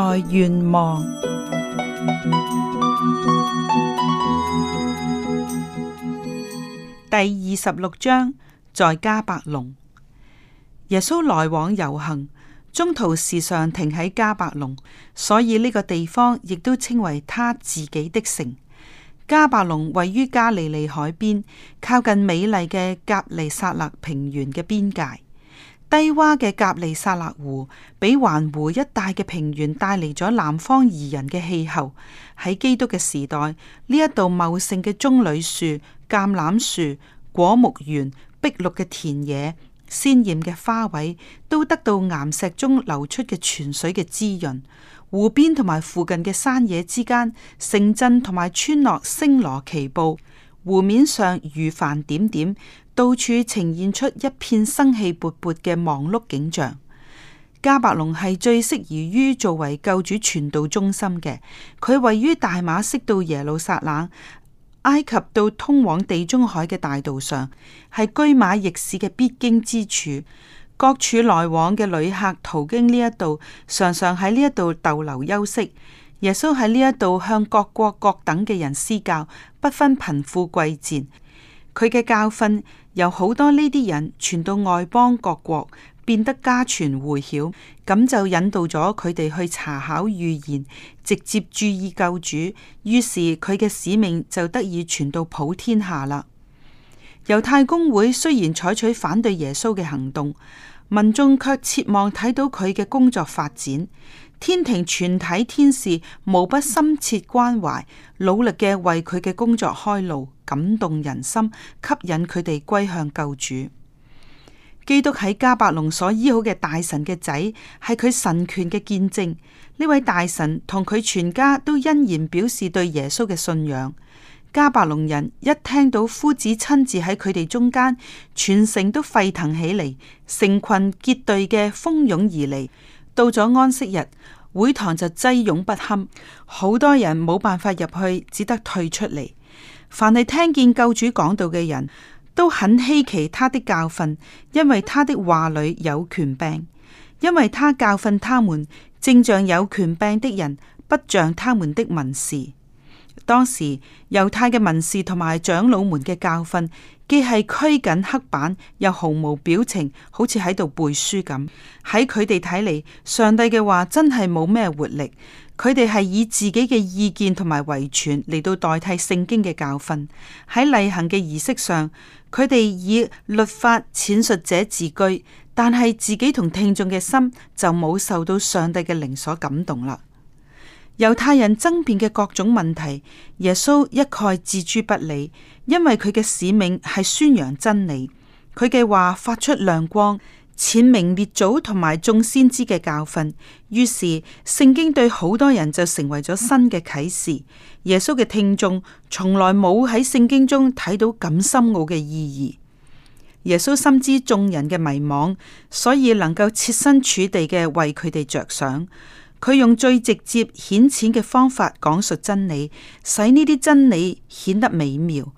在願望第二十六章，在迦百農，耶穌來往遊行，中途時常停喺迦百農，所以呢個地方亦都稱為他自己的城。迦百農位於加利利海邊，靠近美麗嘅革尼撒勒平原嘅邊界。低窪嘅格利薩勒湖，俾環湖一帶嘅平原帶嚟咗南方宜人嘅氣候。喺基督嘅時代，呢一度茂盛嘅棕櫚樹、橄欖樹、果木園、碧綠嘅田野、鮮艷嘅花卉，都得到巖石中流出嘅泉水嘅滋潤。湖邊同埋附近嘅山野之間，城鎮同埋村落星羅棋布，湖面上魚帆點點。到處呈現出一片生氣勃勃嘅忙碌景象。迦百農係最適宜於作為救主傳道中心嘅。佢位於大馬色到耶路撒冷，埃及到通往地中海嘅大道上，係車馬逆旅嘅必經之處。各處來往嘅旅客途經呢一度，常常喺呢一度逗留休息。耶穌喺呢一度向各國各等嘅人施教，不分貧富貴賤。佢嘅教訓，由好多呢啲人傳到外邦各國，變得家傳戶曉，咁就引導咗佢哋去查考預言，直接注意救主。於是佢嘅使命就得以傳到普天下啦。猶太公會雖然採取反對耶穌嘅行動，民眾卻切望睇到佢嘅工作發展。天庭全體天使無不深切關懷，努力嘅為佢嘅工作開路。感動人心，吸引佢哋歸向救主。基督喺迦百農所醫好嘅大臣嘅仔，係佢神權嘅見證。呢位大臣同佢全家都欣然表示對耶穌嘅信仰。迦百農人一聽到夫子親自喺佢哋中間，全城都沸騰起嚟，成群結隊嘅蜂擁而嚟。到咗安息日，會堂就擠擁不堪，好多人冇辦法入去，只得退出嚟。凡係聽見救主講道嘅人都很稀奇他的教訓，因為他的話裏有權柄，因為他教訓他們，正像有權柄的人，不像他們的文士。當時猶太嘅文士同埋長老們嘅教訓，既係拘謹刻板，又毫無表情，好似喺度背書咁。喺佢哋睇嚟，上帝嘅話真係冇咩活力。佢哋係以自己嘅意見同埋遺傳嚟到代替聖經嘅教訓，喺例行嘅儀式上，佢哋以律法闡述者自居，但係自己同聽眾嘅心就冇受到上帝嘅靈所感動啦。猶太人爭辯嘅各種問題，耶穌一概置諸不理，因為佢嘅使命係宣揚真理，佢嘅話發出亮光。前明列祖同埋眾先知嘅教訓，於是聖經對好多人就成為咗新嘅啟示。耶穌嘅聽眾從來冇喺聖經中睇到咁深奧嘅意義。耶穌深知眾人嘅迷惘，所以能夠設身處地嘅為佢哋着想。佢用最直接顯淺嘅方法講述真理，使呢啲真理顯得美妙。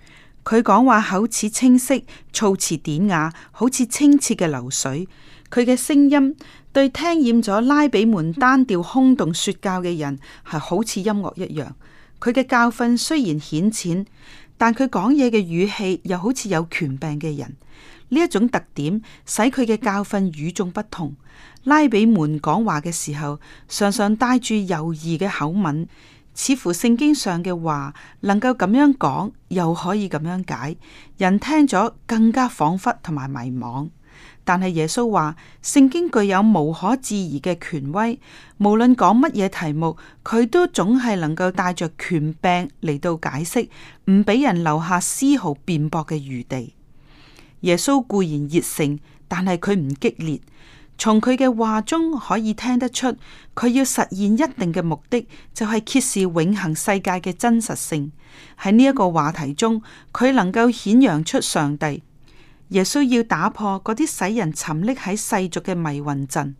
佢講話口齒清晰，措辭典雅，好似清澈嘅流水。佢嘅聲音對聽厭咗拉比們單調空洞說教嘅人，係好似音樂一樣。佢嘅教訓雖然顯淺，但佢講嘢嘅語氣又好似有權柄嘅人。呢一種特點使佢嘅教訓與眾不同。拉比們講話嘅時候，常常帶住猶豫嘅口吻。似乎聖經上嘅話能夠咁樣講，又可以咁樣解，人聽咗更加恍惚同埋迷茫。但係耶穌話，聖經具有無可置疑嘅權威，無論講乜嘢題目，佢都總係能夠帶着權柄嚟到解釋，唔俾人留下絲毫辯駁嘅餘地。耶穌固然熱誠，但係佢唔激烈。從佢嘅話中可以聽得出，佢要實現一定嘅目的，就係、是、揭示永恆世界嘅真實性。喺呢一個話題中，佢能夠顯揚出上帝。耶穌要打破嗰啲使人沉溺喺世俗嘅迷魂陣。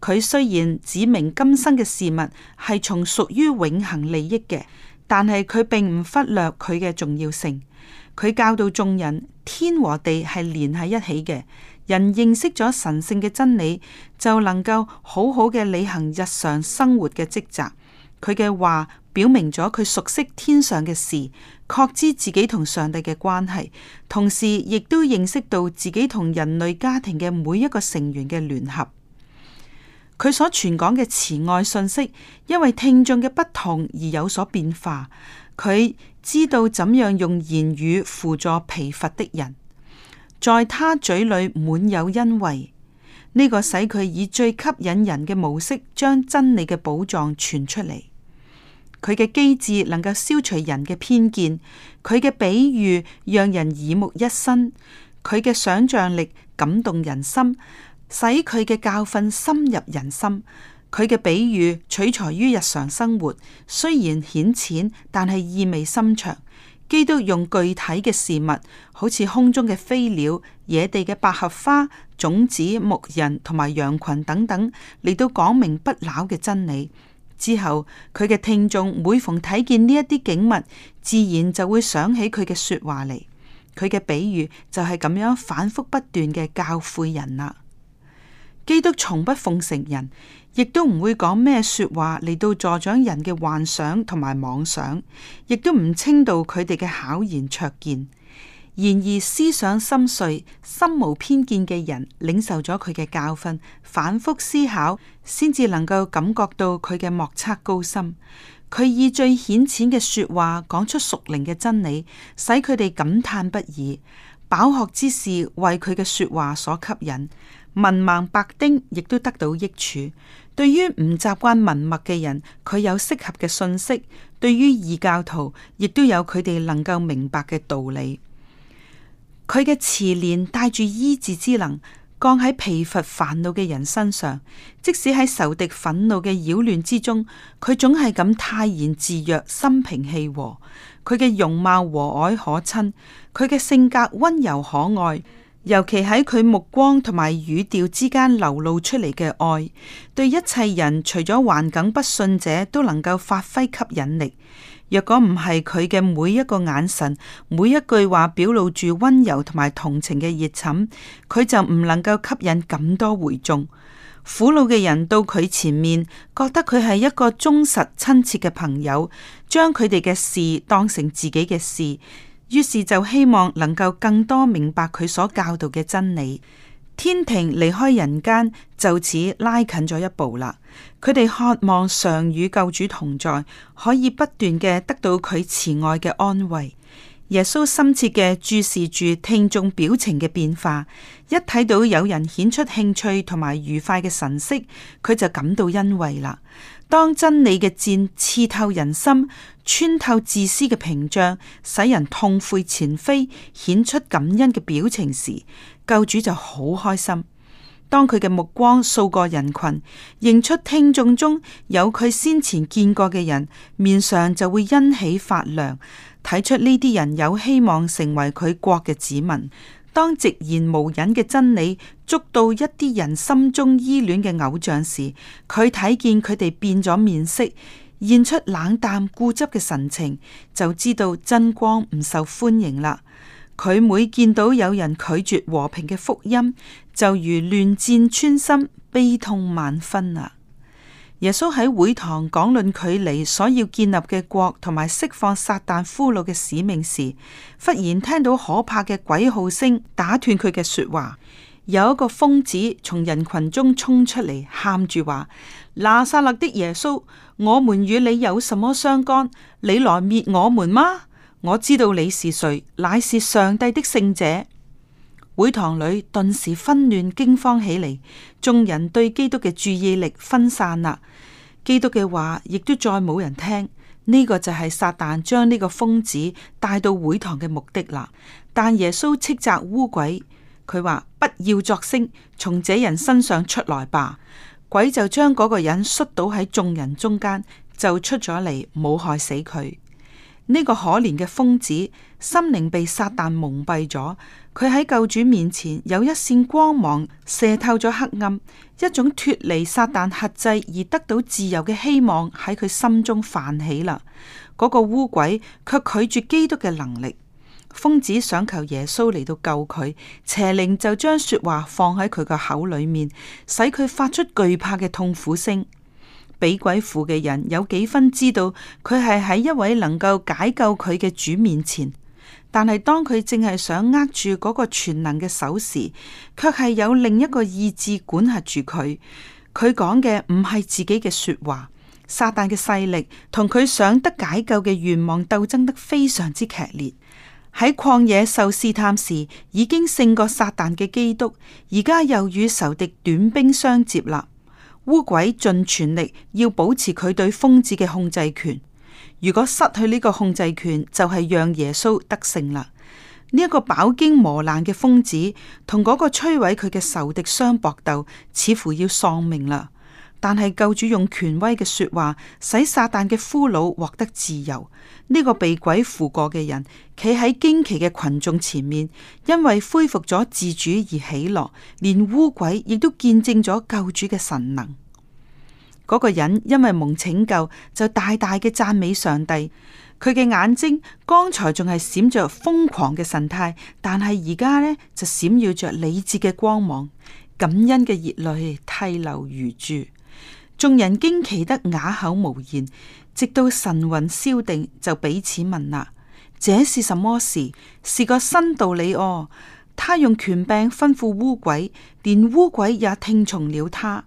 佢雖然指明今生嘅事物係從屬於永恆利益嘅，但係佢並唔忽略佢嘅重要性。佢教導眾人，天和地係連喺一起嘅。人認識咗神聖嘅真理，就能夠好好嘅履行日常生活嘅職責。佢嘅話表明咗佢熟悉天上嘅事，確知自己同上帝嘅關係，同時亦都認識到自己同人類家庭嘅每一個成員嘅聯合。佢所傳講嘅慈愛信息，因為聽眾嘅不同而有所變化。佢知道怎樣用言語輔助疲乏的人。在他嘴裏滿有恩惠，呢、這個使佢以最吸引人嘅模式將真理嘅寶藏傳出嚟。佢嘅機智能夠消除人嘅偏見，佢嘅比喻讓人耳目一新，佢嘅想象力感動人心，使佢嘅教訓深入人心。佢嘅比喻取材於日常生活，雖然顯淺，但係意味深長。基督用具體嘅事物，好似空中嘅飛鳥、野地嘅百合花、種子、牧人同埋羊群等等，嚟到講明不朽嘅真理。之後佢嘅聽眾每逢睇見呢一啲景物，自然就會想起佢嘅說話嚟。佢嘅比喻就係咁樣反復不斷嘅教誨人啦。基督從不奉承人。亦都唔會講咩說話嚟到助長人嘅幻想同埋妄想，亦都唔稱道佢哋嘅巧言卓見。然而思想深邃、心無偏見嘅人，領受咗佢嘅教訓，反復思考，先至能夠感覺到佢嘅莫測高深。佢以最顯淺嘅說話講出屬靈嘅真理，使佢哋感嘆不已。飽學之士為佢嘅說話所吸引，文盲白丁亦都得到益處。對於唔習慣文脈嘅人，佢有適合嘅信息；對於異教徒，亦都有佢哋能夠明白嘅道理。佢嘅慈憐帶住醫治之能，降喺疲乏煩惱嘅人身上。即使喺仇敵憤怒嘅擾亂之中，佢總係咁泰然自若，心平氣和。佢嘅容貌和藹可親，佢嘅性格溫柔可愛，尤其喺佢目光同埋語調之間流露出嚟嘅愛，對一切人除咗頑梗不信者都能夠發揮吸引力。若果唔係佢嘅每一個眼神、每一句話表露住溫柔同埋同情嘅熱忱，佢就唔能夠吸引咁多會眾。苦惱嘅人到佢前面，覺得佢係一個忠實親切嘅朋友，將佢哋嘅事當成自己嘅事，於是就希望能夠更多明白佢所教導嘅真理。天庭離開人間，就此拉近咗一步啦。佢哋渴望常與救主同在，可以不斷嘅得到佢慈愛嘅安慰。耶穌深切嘅注視住聽眾表情嘅變化，一睇到有人顯出興趣同埋愉快嘅神色，佢就感到欣慰啦。當真理嘅箭刺透人心，穿透自私嘅屏障，使人痛悔前非，顯出感恩嘅表情時，救主就好開心。當佢嘅目光掃過人群，認出聽眾中有佢先前見過嘅人，面上就會欣喜發亮。睇出呢啲人有希望成為佢國嘅子民。當直言無隱嘅真理捉到一啲人心中依戀嘅偶像時，佢睇見佢哋變咗面色，現出冷淡固執嘅神情，就知道真光唔受歡迎啦。佢每見到有人拒絕和平嘅福音，就如亂箭穿心，悲痛萬分啊！耶穌喺會堂講論佢哋所要建立嘅國，同埋釋放撒旦俘虜嘅使命時，忽然聽到可怕嘅鬼號聲打斷佢嘅說話。有一個瘋子從人群中衝出嚟，喊住話：拿撒勒的耶穌，我們與你有什麼相干？你來滅我們嗎？我知道你是誰，乃是上帝的聖者。會堂裏頓時紛亂驚慌起嚟，眾人對基督嘅注意力分散啦，基督嘅話亦都再冇人聽。呢、這個就係撒旦將呢個瘋子帶到會堂嘅目的啦。但耶穌斥責污鬼，佢話，不要作聲，從這人身上出來吧。鬼就將嗰個人摔倒喺眾人中間，就出咗嚟，冇害死佢。呢、這個可憐嘅瘋子心靈被撒旦蒙蔽咗。佢喺救主面前有一線光芒射透咗黑暗，一種脫離撒旦轄制而得到自由嘅希望喺佢心中泛起啦。嗰、那個污鬼卻拒絕基督嘅能力，瘋子想求耶穌嚟到救佢，邪靈就將說話放喺佢個口裏面，使佢發出懼怕嘅痛苦聲。俾鬼附嘅人有幾分知道佢係喺一位能夠解救佢嘅主面前。但係當佢正係想握住嗰個全能嘅手時，卻係有另一個意志管轄住佢。佢講嘅唔係自己嘅說話，撒旦嘅勢力同佢想得解救嘅願望鬥爭得非常之劇烈。喺曠野受試探時，已經勝過撒旦嘅基督，而家又與仇敵短兵相接啦。污鬼盡全力要保持佢對瘋子嘅控制權。如果失去呢個控制權，就係、是、讓耶穌得勝啦。呢、這、一個飽經磨難嘅瘋子，同嗰個摧毀佢嘅仇敵相搏鬥，似乎要喪命啦。但係救主用權威嘅說話，使撒旦嘅俘虜獲得自由。呢、這個被鬼附過嘅人，企喺驚奇嘅群眾前面，因為恢復咗自主而喜樂，連污鬼亦都見證咗救主嘅神能。嗰個人因為蒙拯救，就大大嘅讚美上帝。佢嘅眼睛剛才仲係閃着瘋狂嘅神態，但係而家呢，就閃耀着理智嘅光芒，感恩嘅熱淚涕流如注。眾人驚奇得啞口無言，直到神魂消定，就彼此問啦：這是什麼事？是個新道理哦！他用權柄吩咐污鬼，連污鬼也聽從了他。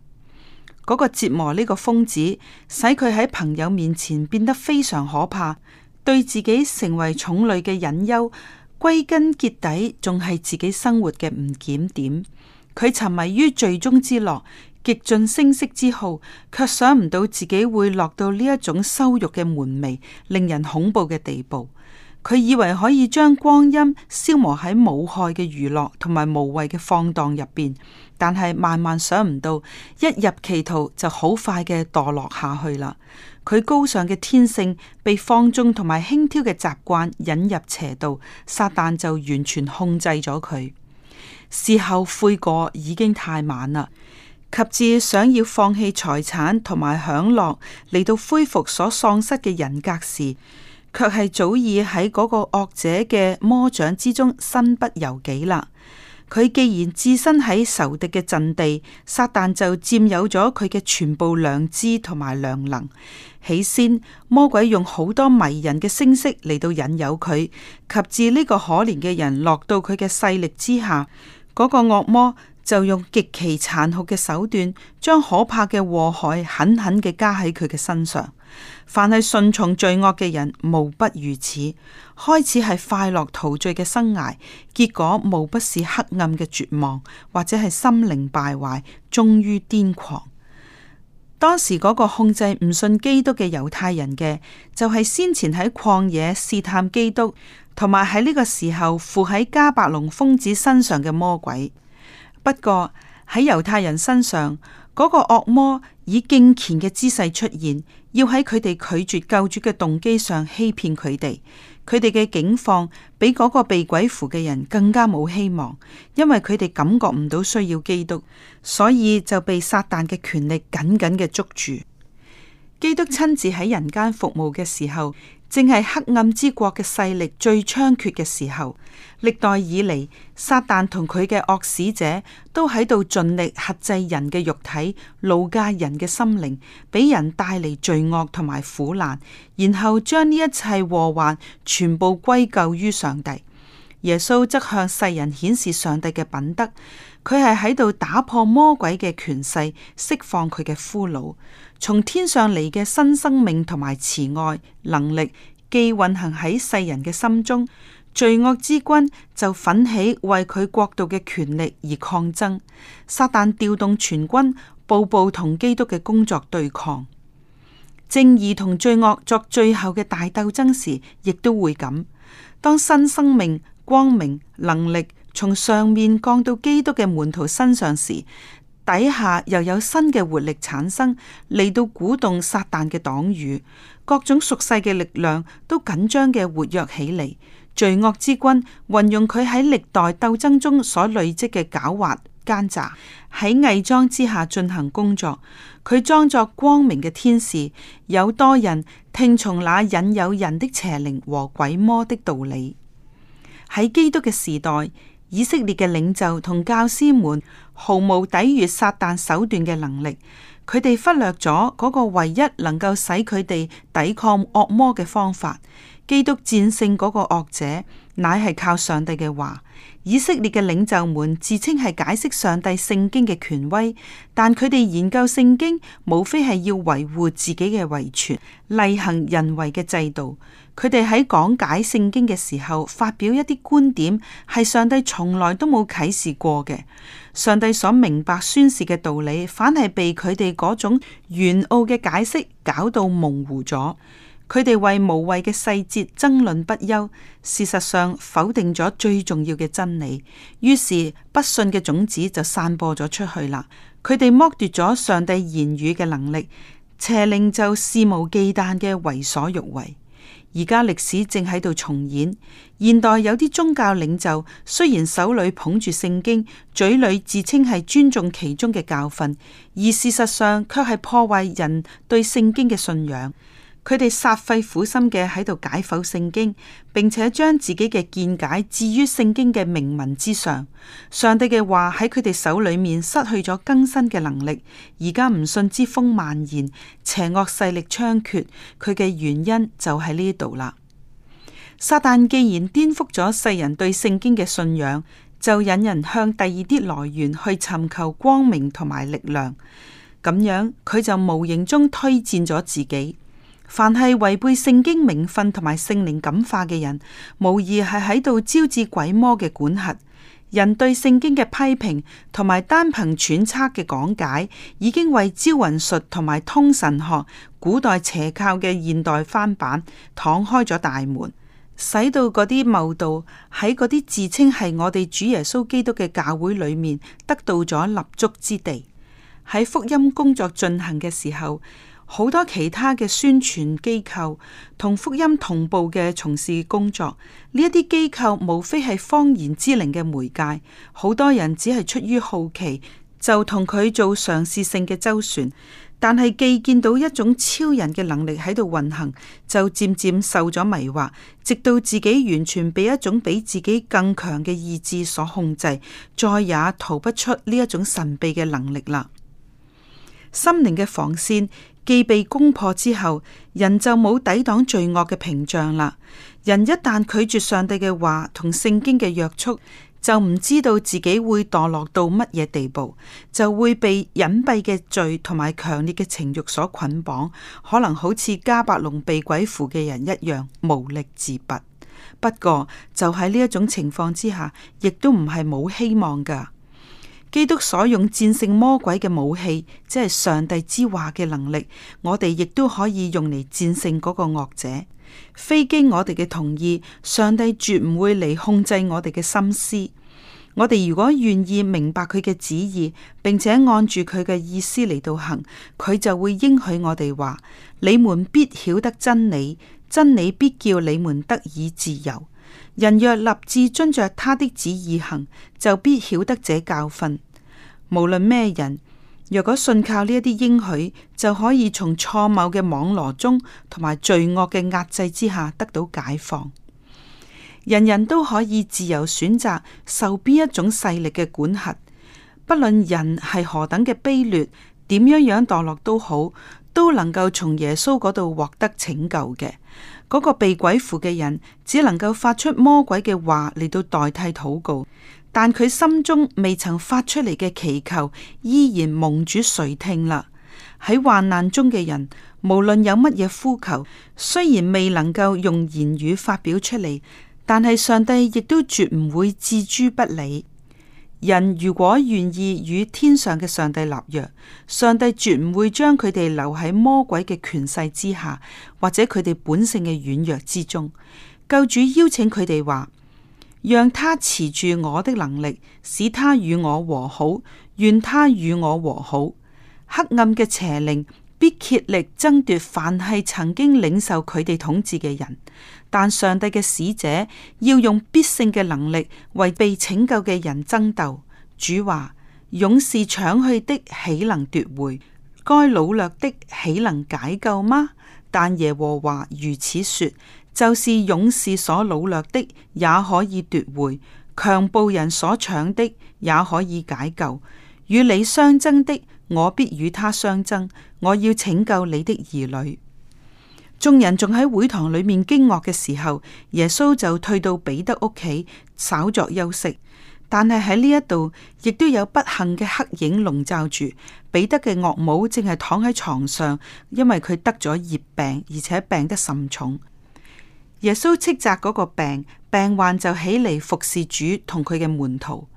嗰個折磨呢個瘋子，使佢喺朋友面前變得非常可怕，對自己成為重累嘅隱憂，歸根結底仲係自己生活嘅唔檢點。佢沉迷於醉中之樂，極盡聲色之好，卻想唔到自己會落到呢一種羞辱嘅門楣，令人恐怖嘅地步。佢以為可以將光陰消磨喺無害嘅娛樂同埋無謂嘅放蕩入邊。但係萬萬想唔到，一入歧途就好快嘅墮落下去啦。佢高尚嘅天性被放縱同埋輕佻嘅習慣引入邪道，撒旦就完全控制咗佢。事後悔過已經太晚啦，及至想要放棄財產同埋享樂嚟到恢復所喪失嘅人格時，卻係早已喺嗰個惡者嘅魔掌之中身不由己啦。佢既然置身喺仇敵嘅陣地，撒旦就佔有咗佢嘅全部良知同埋良能。起先，魔鬼用好多迷人嘅聲色嚟到引誘佢，及至呢個可憐嘅人落到佢嘅勢力之下，嗰個惡魔就用極其殘酷嘅手段，將可怕嘅禍害狠狠嘅加喺佢嘅身上。凡係順從罪惡嘅人，無不如此。開始係快樂陶醉嘅生涯，結果無不是黑暗嘅絕望，或者係心靈敗壞，終於癲狂。當時嗰個控制唔信基督嘅猶太人嘅，就係、是、先前喺曠野試探基督，同埋喺呢個時候附喺迦百農瘋子身上嘅魔鬼。不過喺猶太人身上，嗰、那個惡魔以敬虔嘅姿勢出現。要喺佢哋拒絕救主嘅動機上欺騙佢哋，佢哋嘅境況比嗰個被鬼附嘅人更加冇希望，因為佢哋感覺唔到需要基督，所以就被撒旦嘅權力緊緊嘅捉住。基督親自喺人間服務嘅時候，正係黑暗之國嘅勢力最猖獗嘅時候，歷代以嚟，撒旦同佢嘅惡使者都喺度盡力克制人嘅肉體、勞役人嘅心靈，俾人帶嚟罪惡同埋苦難，然後將呢一切禍患全部歸咎於上帝。耶穌則向世人顯示上帝嘅品德，佢係喺度打破魔鬼嘅權勢，釋放佢嘅俘虜，從天上嚟嘅新生命同埋慈愛能力，既運行喺世人嘅心中，罪惡之君就奮起為佢國度嘅權力而抗爭，撒旦調動全軍，步步同基督嘅工作對抗，正義同罪惡作最後嘅大鬥爭時，亦都會咁。當新生命光明能力從上面降到基督嘅門徒身上時，底下又有新嘅活力產生，嚟到鼓動撒旦嘅黨羽，各種屬世嘅力量都緊張嘅活躍起嚟。罪惡之君運用佢喺歷代鬥爭中所累積嘅狡猾奸詐，喺偽裝之下進行工作，佢裝作光明嘅天使，有多人聽從那引誘人的邪靈和鬼魔的道理。喺基督嘅時代，以色列嘅領袖同教師們毫無抵禦撒旦手段嘅能力。佢哋忽略咗嗰個唯一能夠使佢哋抵抗惡魔嘅方法。基督戰勝嗰個惡者，乃係靠上帝嘅話。以色列嘅領袖們自稱係解釋上帝聖經嘅權威，但佢哋研究聖經，無非係要維護自己嘅遺傳、例行人為嘅制度。佢哋喺講解聖經嘅時候，發表一啲觀點，係上帝從來都冇啟示過嘅。上帝所明白宣示嘅道理，反而被佢哋嗰種玄奧嘅解釋搞到模糊咗。佢哋為無謂嘅細節爭論不休，事實上否定咗最重要嘅真理。於是不信嘅種子就散播咗出去啦。佢哋剝奪咗上帝言語嘅能力，邪靈就肆無忌憚嘅為所欲為。而家歷史正喺度重演，現代有啲宗教領袖雖然手裏捧住聖經，嘴裏自稱係尊重其中嘅教訓，而事實上卻係破壞人對聖經嘅信仰。佢哋煞費苦心嘅喺度解剖聖經，並且將自己嘅見解置於聖經嘅明文之上。上帝嘅話喺佢哋手裏面失去咗更新嘅能力，而家唔信之風蔓延，邪惡勢力猖獗。佢嘅原因就喺呢度啦。撒旦既然顛覆咗世人對聖經嘅信仰，就引人向第二啲來源去尋求光明同埋力量。咁樣佢就無形中推薦咗自己。凡係違背聖經名分同埋聖靈感化嘅人，無疑係喺度招致鬼魔嘅管轄。人對聖經嘅批評同埋單憑揣測嘅講解，已經為招魂術同埋通神學古代邪教嘅現代翻版敞開咗大門，使到嗰啲謬道喺嗰啲自稱係我哋主耶穌基督嘅教會裏面得到咗立足之地。喺福音工作進行嘅時候，好多其他嘅宣傳機構同福音同步嘅從事工作，呢一啲機構無非係謊言之靈嘅媒介。好多人只係出於好奇，就同佢做嘗試性嘅周旋，但係既見到一種超人嘅能力喺度運行，就漸漸受咗迷惑，直到自己完全被一種比自己更強嘅意志所控制，再也逃不出呢一種神秘嘅能力啦。心靈嘅防線，既被攻破之後，人就冇抵擋罪惡嘅屏障啦。人一旦拒絕上帝嘅話同聖經嘅約束，就唔知道自己會墮落到乜嘢地步，就會被隱蔽嘅罪同埋強烈嘅情欲所捆綁，可能好似加百隆被鬼附嘅人一樣無力自拔。不過，就喺呢一種情況之下，亦都唔係冇希望噶。基督所用戰勝魔鬼嘅武器，即係上帝之話嘅能力，我哋亦都可以用嚟戰勝嗰個惡者。非經我哋嘅同意，上帝絕唔會嚟控制我哋嘅心思。我哋如果願意明白佢嘅旨意，並且按住佢嘅意思嚟到行，佢就會應許我哋話：你們必曉得真理，真理必叫你們得以自由。人若立志遵着他的旨意行，就必曉得這教訓。無論咩人，若果信靠呢一啲應許，就可以從錯謬嘅網羅中，同埋罪惡嘅壓制之下得到解放。人人都可以自由選擇受邊一種勢力嘅管轄，不論人係何等嘅卑劣，點樣樣墮落都好。都能夠從耶穌嗰度獲得拯救嘅。嗰個被鬼附嘅人，只能夠發出魔鬼嘅話嚟，到代替禱告，但佢心中未曾發出嚟嘅祈求，依然蒙主垂聽啦。喺患難中嘅人，無論有乜嘢呼求，雖然未能夠用言語發表出嚟，但係上帝亦都絕唔會置諸不理。人如果願意與天上嘅上帝立約，上帝絕唔會將佢哋留喺魔鬼嘅權勢之下，或者佢哋本性嘅軟弱之中。救主邀請佢哋話：讓他持住我的能力，使他與我和好，願他與我和好。黑暗嘅邪靈。必竭力爭奪，凡係曾經領受佢哋統治嘅人，但上帝嘅使者要用必勝嘅能力為被拯救嘅人爭鬥。主話：勇士搶去的豈能奪回？該擄掠的豈能解救嗎？但耶和華如此說：就是勇士所擄掠的也可以奪回，強暴人所搶的也可以解救。與你相爭的，我必與他相爭。我要拯救你的兒女。眾人仲喺會堂裏面驚愕嘅時候，耶穌就退到彼得屋企稍作休息。但係喺呢一度，亦都有不幸嘅黑影籠罩住彼得嘅岳母，正係躺喺床上，因為佢得咗熱病，而且病得甚重。耶穌斥責嗰個病，病患就起嚟服侍主同佢嘅門徒。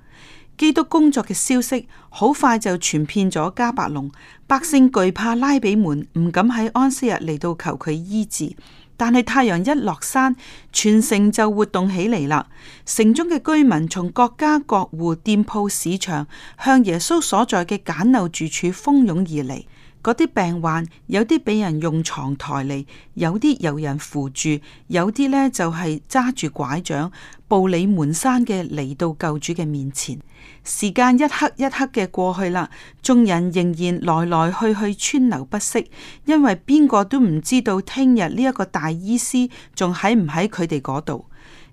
基督工作嘅消息好快就傳遍咗加白龍，百姓懼怕拉比們，唔敢喺安息日嚟到求佢醫治。但係太陽一落山，全城就活動起嚟啦。城中嘅居民從各家各戶、店鋪、市場，向耶穌所在嘅簡陋住處蜂擁而嚟。嗰啲病患，有啲俾人用床抬嚟，有啲由人扶住，有啲咧就係揸住拐杖步履蹣跚嘅嚟到救主嘅面前。時間一刻一刻嘅過去啦，眾人仍然來來去去川流不息，因為邊個都唔知道聽日呢一個大醫師仲喺唔喺佢哋嗰度。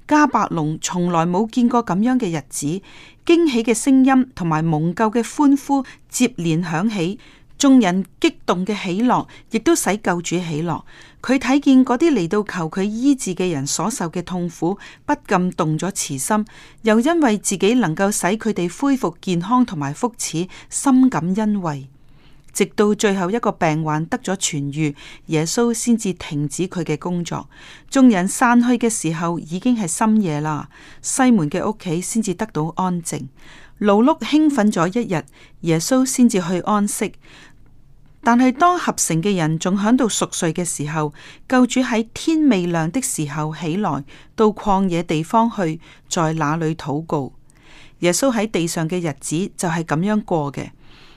加白龍從來冇見過咁樣嘅日子，驚喜嘅聲音同埋蒙救嘅歡呼接連響起。眾人激動嘅喜樂，亦都使救主喜樂。佢睇見嗰啲嚟到求佢醫治嘅人所受嘅痛苦，不禁動咗慈心，又因為自己能夠使佢哋恢復健康同埋福祉，深感欣慰。直到最後一個病患得咗痊癒，耶穌先至停止佢嘅工作。眾人散去嘅時候，已經係深夜啦。西門嘅屋企先至得到安靜。勞碌興奮咗一日，耶穌先至去安息。但係當合成嘅人仲響度熟睡嘅時候，救主喺天未亮的時候起來，到曠野地方去，在那裡禱告。耶穌喺地上嘅日子就係咁樣過嘅。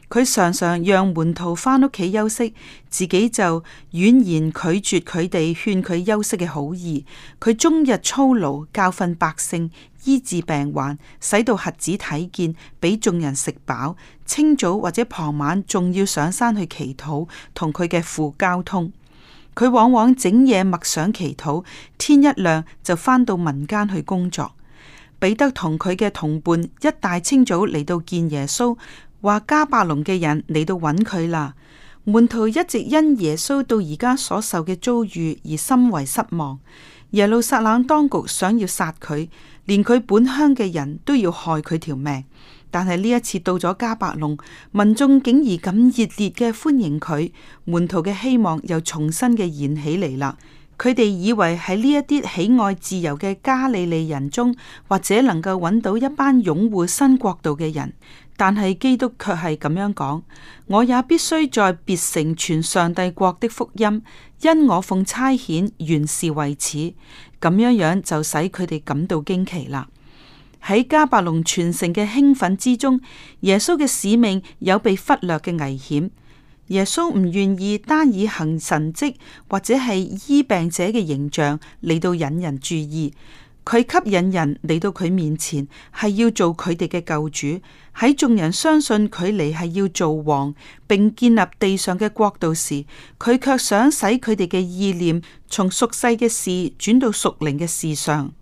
佢常常讓門徒返屋企休息，自己就婉言拒絕佢哋勸佢休息嘅好意。佢終日操勞，教訓百姓，醫治病患，使到瞎子睇見，俾眾人食飽。清早或者傍晚，仲要上山去祈禱，同佢嘅父交通。佢往往整夜默想祈禱，天一亮就返到民間去工作。彼得同佢嘅同伴一大清早嚟到見耶穌，話迦百農嘅人嚟到揾佢啦。門徒一直因耶穌到而家所受嘅遭遇而深為失望。耶路撒冷當局想要殺佢。連佢本鄉嘅人都要害佢條命，但係呢一次到咗迦百農，民眾竟然咁熱烈嘅歡迎佢，門徒嘅希望又重新嘅燃起嚟啦。佢哋以為喺呢一啲喜愛自由嘅加利利人中，或者能夠揾到一班擁護新國度嘅人，但係基督卻係咁樣講：我也必須在別城傳上帝國的福音，因我奉差遣，原是為此。咁樣樣就使佢哋感到驚奇啦。喺加百隆全城嘅興奮之中，耶穌嘅使命有被忽略嘅危險。耶穌唔願意單以行神蹟或者係醫病者嘅形象嚟到引人注意，佢吸引人嚟到佢面前，係要做佢哋嘅救主。喺眾人相信佢嚟係要做王，並建立地上嘅國度時，佢卻想使佢哋嘅意念從屬世嘅事轉到屬靈嘅事上。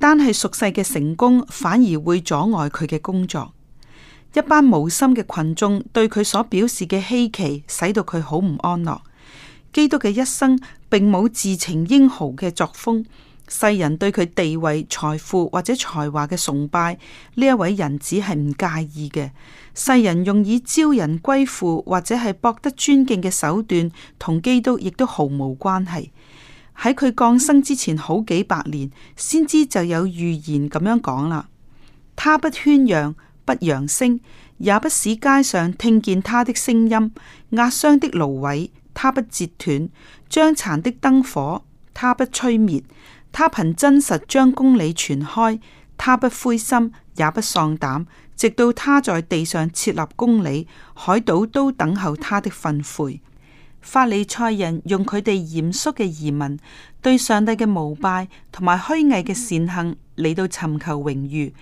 單係屬世嘅成功反而會阻礙佢嘅工作。一班無心嘅群眾對佢所表示嘅稀奇，使到佢好唔安樂。基督嘅一生並冇自情英豪嘅作風，世人對佢地位、財富或者才華嘅崇拜，呢一位人子係唔介意嘅。世人用以招人歸附或者係博得尊敬嘅手段，同基督亦都毫無關係。喺佢降生之前好幾百年，先知就有預言咁樣講啦。他不喧嚷。不揚聲，也不使街上聽見他的聲音。壓傷的蘆葦，他不折斷；將殘的燈火，他不吹滅。他憑真實將公理傳開，他不灰心，也不喪膽。直到他在地上設立公理，海島都等候他的訓誨。法利賽人用佢哋嚴肅嘅疑問，對上帝嘅膜拜同埋虛偽嘅善行嚟到尋求榮譽。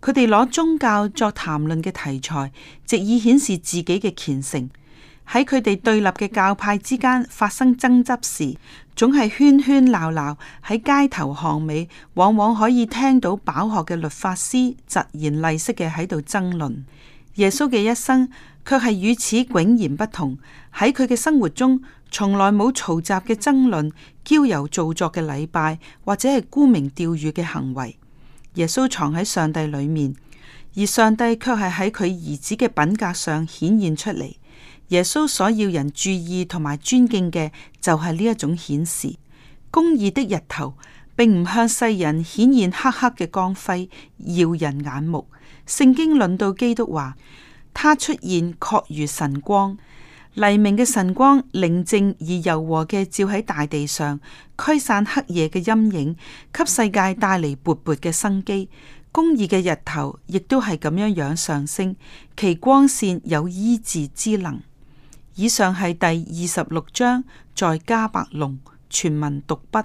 佢哋攞宗教作談論嘅題材，藉以顯示自己嘅虔誠。喺佢哋對立嘅教派之間發生爭執時，總係喧喧鬧鬧喺街頭巷尾，往往可以聽到飽學嘅律法師疾言厲色嘅喺度爭論。耶穌嘅一生卻係與此迥然不同，喺佢嘅生活中，從來冇嘈雜嘅爭論、矯揉造作嘅禮拜或者係沽名釣譽嘅行為。耶穌藏喺上帝裏面，而上帝卻係喺佢兒子嘅品格上顯現出嚟。耶穌所要人注意同埋尊敬嘅，就係呢一種顯示。公義的日頭，並唔向世人顯現黑黑嘅光輝，耀人眼目。聖經論到基督話，他出現確如神光。黎明嘅晨光，寧靜而柔和嘅照喺大地上，驅散黑夜嘅陰影，給世界帶嚟勃勃嘅生機。公義嘅日頭，亦都係咁樣樣上升，其光線有醫治之能。以上係第二十六章在加白龍全文讀畢。